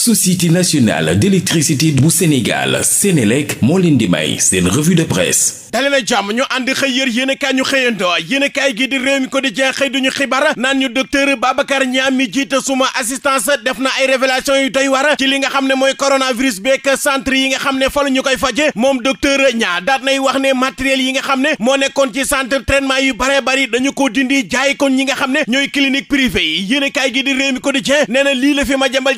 société nationale d'électricité bu Sénégal Sénélec moo leen di may seen revue de presse dali jàmm ñu ànd xëy yër yéen kaay ñu xëyanto yéen kaay gi di réew mi ko di jeex xëy duñu xibaar naan ñu docteur Babacar Niam mi jiite suma assistance def na ay révélation yu doy war ci li nga xam ne mooy coronavirus beek centre yi nga xam ne fa la ñu koy faje moom docteur Niam daat nay wax ne matériel yi nga xam ne moo nekkoon ci centre traitement yu bare bari dañu ko dindi jaay kon ñi nga xam ne ñooy gi di réew mi ko di jeex nee na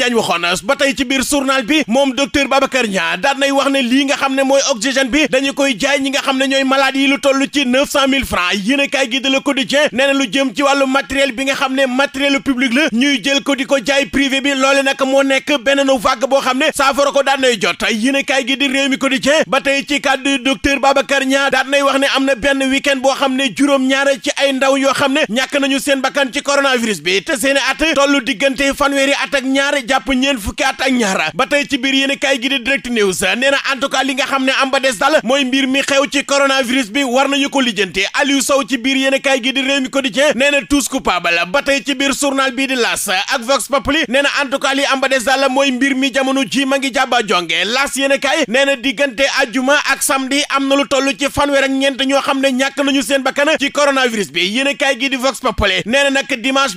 ba tey ci biir journal bi moom docteur Babacar Niang daan nay wax ne lii nga xam ne mooy oxygène bi dañu koy jaay ñi nga xam ne ñooy malade yi lu toll ci neuf cent mille francs yéenekaay gi de Le Quotidien nee lu jëm ci wàllu matériel bi nga xam ne matériel public la ñuy jël ko di ko jaay privé bi loole nag moo nekk beneen vague boo xam ne saafara ko daan nay jot yéenekaay gi di Rewmi Quotidien ba tey ci kàddu docteur Babacar Niang daan nay wax ne am na benn week boo xam ne juróom-ñaar ci ay ndaw yoo xam ne ñàkk nañu seen bakkan ci coronavirus bi te seen at tollu diggante fanweeri at ak ñaar jàpp ñeen fukki fukki at ak ñaara ba tey ci biir yéen kaay gi di direct news nee na en tout cas li nga xam ne am ba des dal mooy mbir mi xew ci coronavirus bi war nañu ko lijjanti Aliou Sow ci biir yéen kaay gi di réew mi quotidien nee na tous coupable ba tey ci biir journal bii di las ak Vox Populi nee na en tout cas li ba mooy mbir mi jamono ji ma ngi jàbba jonge las yéen kaay nee na diggante ajuma ak samedi am na lu toll ci fan ak ñeent ñoo xam ne ñàkk nañu seen ba bakkan ci coronavirus bi yéen kaay gi di Vox Populi na nag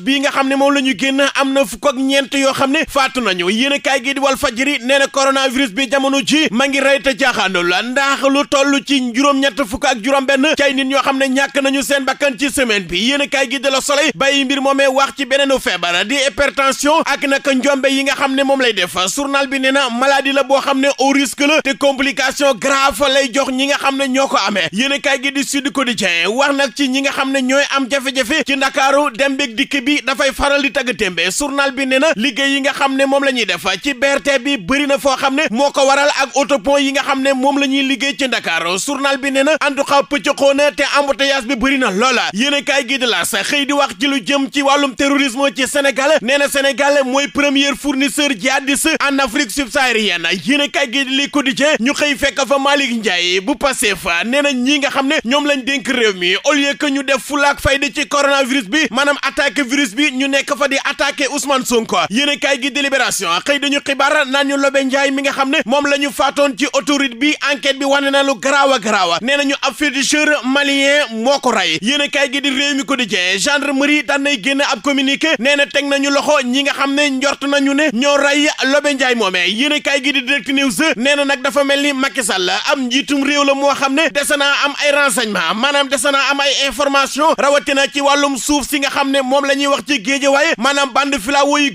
bii nga xam ne moom la ñu génn am na fukk ak ñeent yoo xam ne faatu nañu yéen yéene kaay gi di wal fajiri nee na coronavirus bi jamono ji ma ngi rey te jaaxaanul ndax lu toll ci juróom-ñett fukk ak juróom-benn cay nit ñoo xam ne ñàkk nañu seen bakkan ci semaine bi yéene kaay gi di la soleil bàyyi mbir moomee wax ci beneenu feebar di hypertension ak naka njombe yi nga xam ne moom lay def journal bi nee na maladie la boo xam ne au risque la te complication grave lay jox ñi nga xam ne ñoo ko amee yéene gi di Sud Quotidien wax nag ci ñi nga xam ne ñooy am jafe-jafe ci ndakaaru dem beeg dikk bi dafay faral di tagg témbe journal bi nee na liggéey yi nga xam ne moom la ñuy def fa ci BRT bi bëri na foo xam ne moo ko waral ak autopont yi nga xam ne moom la ñuy liggéey ci Dakar journal bi nee na en tout cas pëccëxoo na te embouteillage bi bëri na loola yéen kaay gi de la sa xëy di wax ci lu jëm ci wàllum terrorisme ci Sénégal nee na Sénégal mooy premier fournisseur djihadiste en Afrique subsaharienne yéen kaay gi di li quotidien ñu xëy fekk fa Malick Ndiaye bu passé fa nee na ñi nga xam ne ñoom lañ dénk réew mi au lieu que ñu def fulaak fayda ci coronavirus bi maanaam attaqué virus bi ñu nekk fa di attaqué Ousmane Sonko yéen kaay gi délibération xëy dañu xibaar naan Lobe Ndiaye mi nga xam ne moom la ñu faatoon ci autoroute bi enquête bi wane na lu garaawa garaawa nee nañu ab féticheur malien moo ko rey yéen kaay gi di réew mi ko di jee gendarmerie daan nay génn ab communiqué nee na teg nañu loxo ñi nga xam ne njort nañu ne ñoo rey Lobe Ndiaye moomee yéen kaay gi di direct news nee na nag dafa mel ni Macky Sall am njiitum réew la moo xam ne dese naa am ay renseignement maanaam dese naa am ay information rawatina ci wàllum suuf si nga xam ne moom la ñuy wax ci géejawaay maanaam bande filao yu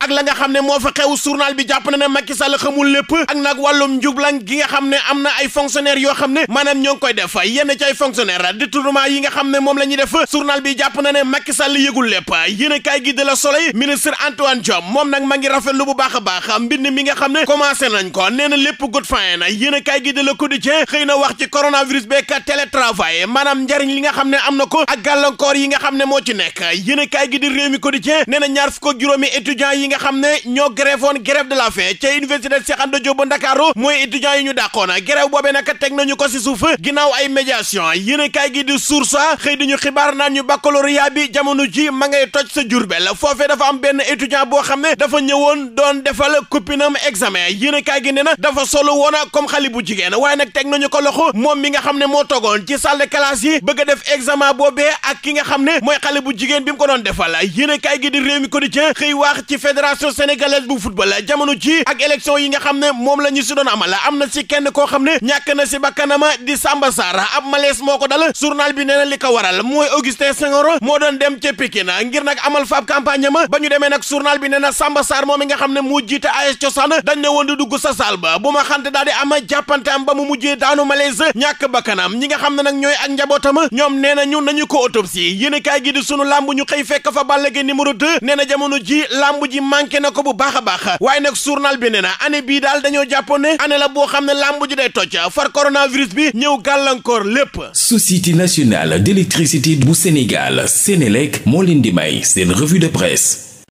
ak la nga xam ne moo fa wu journal bi jàpp na ne Macky Sall xamul lépp ak nag wàllum njublang gi nga xam ne am na ay fonctionnaires yoo xam ne maanaam ñoo ngi koy def yenn ci ay fonctionnaire détournement yi nga xam ne moom la ñuy def journal bi jàpp na ne Macky la yëgul lépp yéen a gi de la ministre Antoine Diome moom nag ma ngi rafetlu bu baax a baax mbind mi nga xam ne commencé nañ ko nee na lépp good na yéen a kaay gi de la Quotidien xëy na wax ci coronavirus beeg télétravail maanaam njariñ li nga xam ne am na ko ak gàllankoor yi nga xam ne ci nekk yéen a kaay gi di réew mi Quotidien nee yi nga xam ne ñoo defoon grève de la faim ca université Cheikh Anta Diop ñu dàqoon grève boobee nag teg nañu ko si suuf ginnaaw ay médiation yéen a gi di source xëy diñu xibaar naan ñu baccalauréat bi jamono ji ma ngay toj sa Jurbel foofee dafa am benn étudiant boo xam ne dafa ñëwoon doon defal copinam examen yéen a kaay gi ne na dafa solo woon comme xale bu jigéen waaye nag teg nañu ko loxo moom mi nga xam ne moo togoon ci salle de classe yi bëgg a def examen boobee ak ki nga xam ne mooy xale bu jigéen bi mu ko doon defal yéen a kaay gi di réew mi quotidien xëy wax ci fédération sénégalaise bu football jamono ji ak élection yi nga xam ne moom la ñu si doon amal am na si kenn koo xam ne ñàkk na si bakkanama di Samba Sarr ab malaise moo ko dal journal bi nee na li ko waral mooy Augustin Senghor moo doon dem ca Pikine ngir nag amal faab campagne ma ba ñu demee nag journal bi nee na Samba Sarr moom i nga xam ne moo jiite AS Cosaan dañ ne woon di dugg sa saal ba bu ma xante daal di am jàppante am ba mu mujjee daanu malaise ñàkk bakkanam ñi nga xam ne nag ñooy ak njabootam ñoom nee na ñu nañu ko autopsie yéen kaay gi di sunu ñu xëy fekk fa Balla Gaye numéro 2 nee na jamono ji làmb ji manqué na ko bu baax baax waaye nag journal bi ne na année bii daal dañoo jàppoon ne la boo xam ne làmb ji day toj far coronavirus bi ñëw gàllankoor lépp société nationale d'électricité bu Sénégal Sénélec moo leen di may seen revue de presse